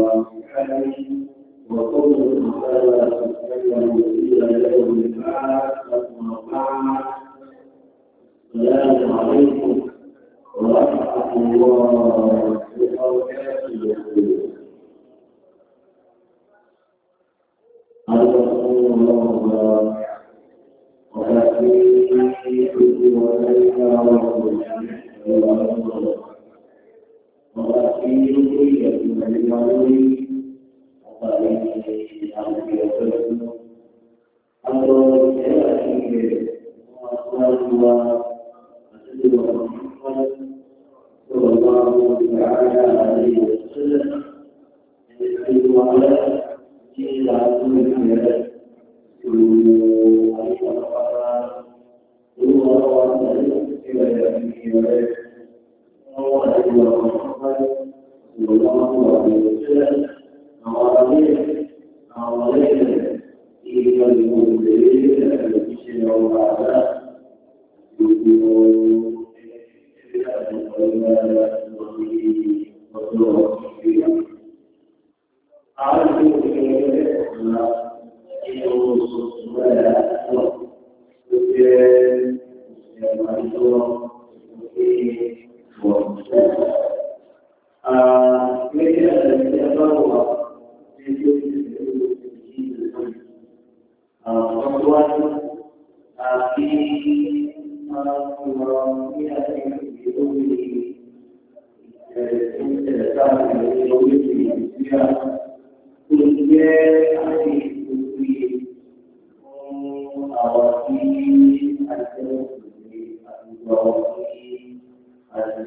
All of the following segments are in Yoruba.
الله عليه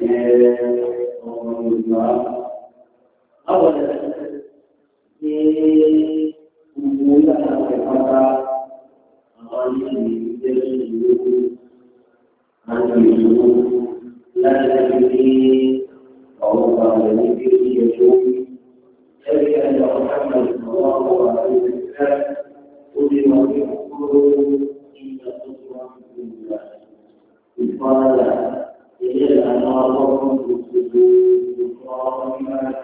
il aí recibe enthusiasm a zna loun an 我是 akifon kijken azzan enzen associasyon اللهم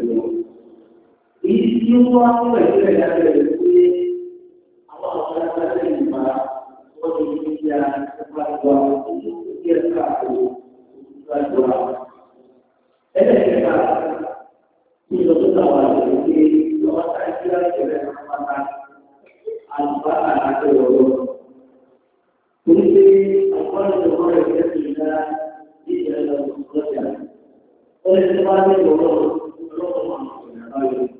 tí ó wá fún ẹ̀jẹ̀ rẹ̀ lábẹ́ rẹ̀ pé àwọn ọ̀gá aláṣẹ ìgbà wọ́n ti fi ya ọgbà ìwà òṣèlú tí ẹ ká ìgbà ìwà. Ẹlẹ́kẹ̀ẹ́ta ní ìlọ́dún àwọn àgbẹ̀ pé ọba tá a kíra ìṣẹ̀lẹ̀ pátá àlùbá àlàkẹ́ ọ̀rọ̀. Torí pé àwọn ìjọba rẹ̀ fẹ́ fi dá ní ìṣẹ̀lẹ̀ lọ́jà. Ẹlẹ́kẹ̀ẹ́ta ní ìlọ́dún ọlọ́run àwọn ìṣẹ̀lẹ̀ báyìí.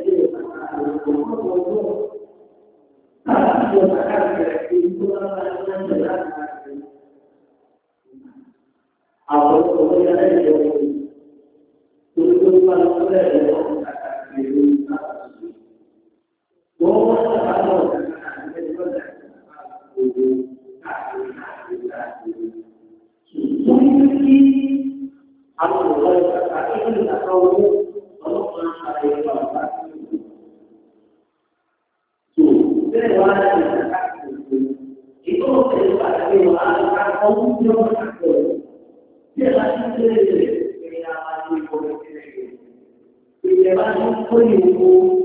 Thank you.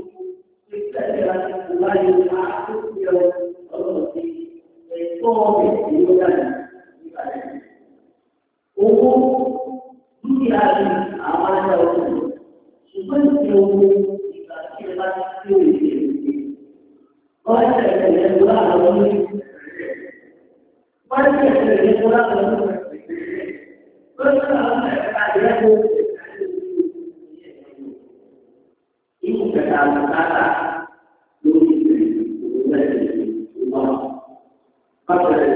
Gracias.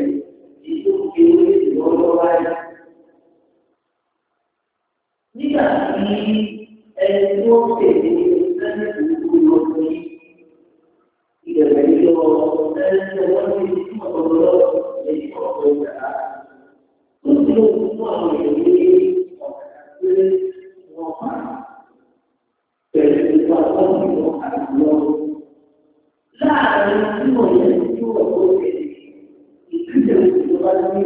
kí àwọn èèyàn àti lọ. Láàárín tó tẹ̀lé ìdíje ìjọba ní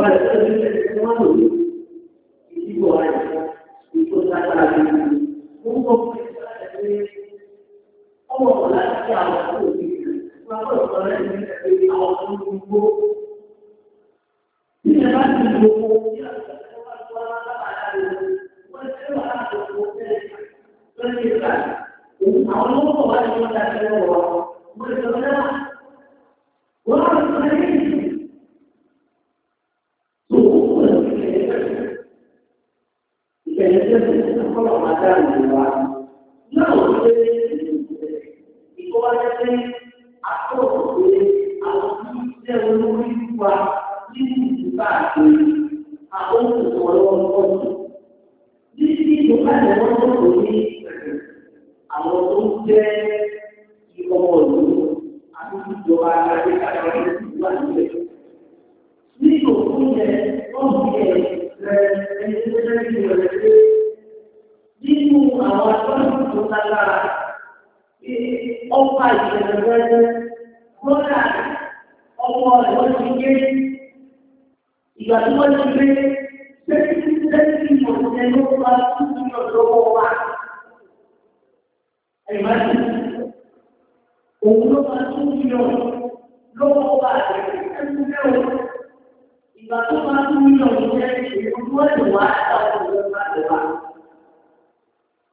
trabalhando, gente é humano. ẹgbẹ́ tí ó kọ́ ọ̀gá dáhùn ìwà náà ó lé ní ìkọ́ wáyé pé akọ́kọ̀ pé àwọn tí jẹ́ olórí wa nínú ìdìbò àti àwọn olùkọ́ ọlọ́wọ́ ní tí ìjọba ni wọ́n nínú àwọn akọ́nà tó lágbára ọ̀pá ìṣẹ̀lẹ̀ rẹ̀ gbọ́dà ọmọ rẹ̀ wọ́n ti gé ìgbà tí wọ́n ti gbé sẹ́kítì sẹ́kítì ìmọ̀tẹ́ ló bá tuntun lọ lọ́wọ́ wa. Ẹ̀yìnbá ti òun ló Ìgbà tó bá tuntun lọ ìjẹ́ ìṣèlú wọ́n lè wá àwọn ìjọba lè wá.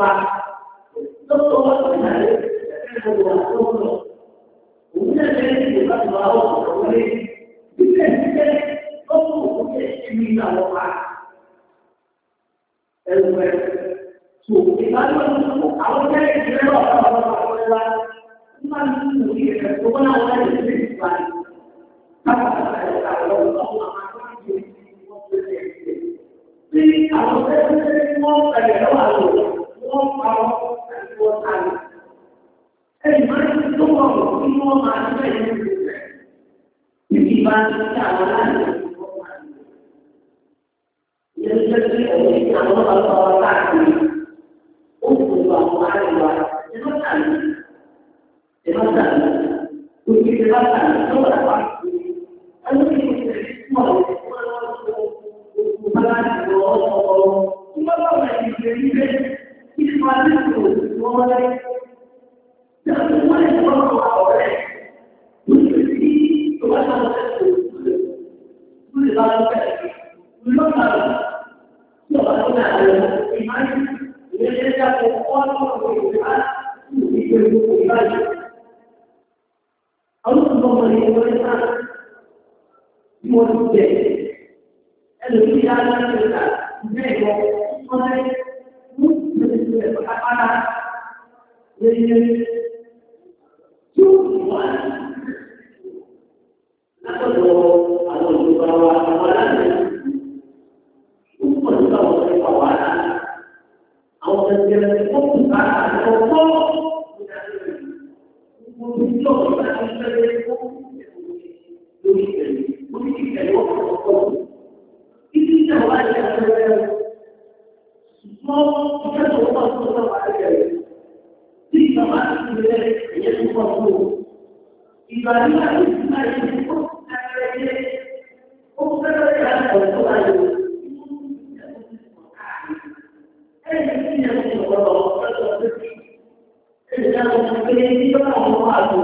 吧？那么我们哪里看到我们了？我们那边有个什么我们一天一天都不不见新的了吧？哎，对，主，你那边是不？Gracias. acredita a nossa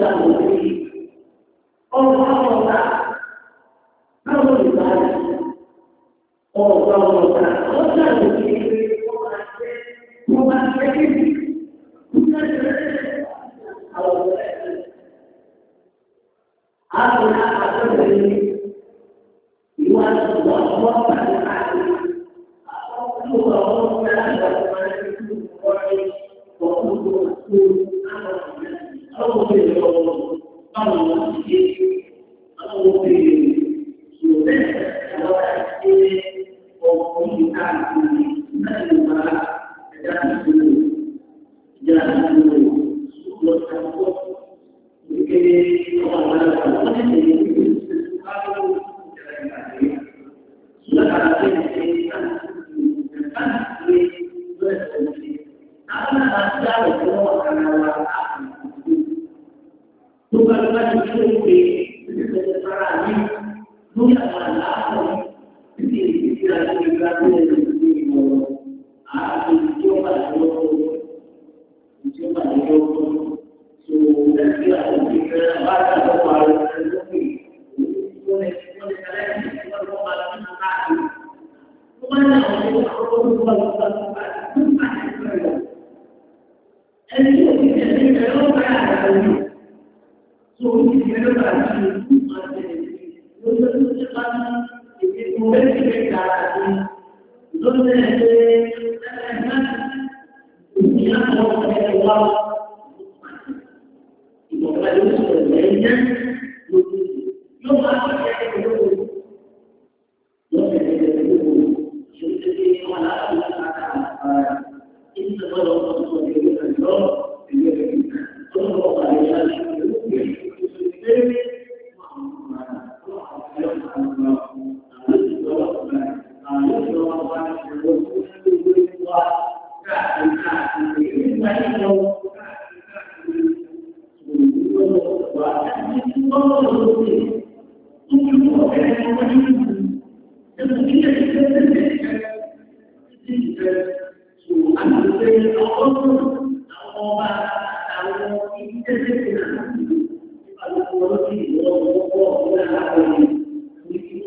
ta lórí ọ̀rọ̀ àwọn ọ̀tá. الله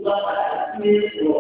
Sebab pada akhirnya, dua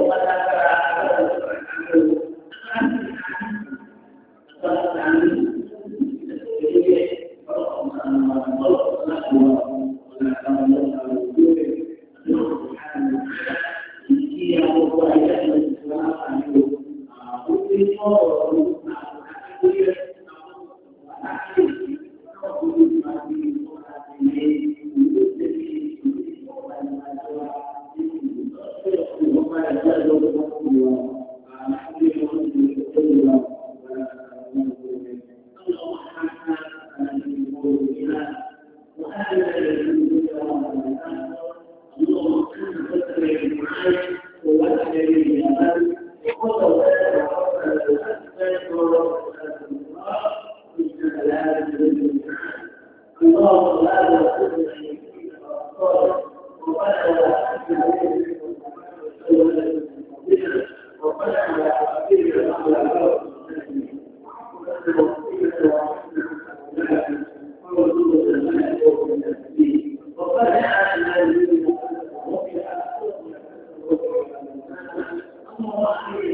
Thank you.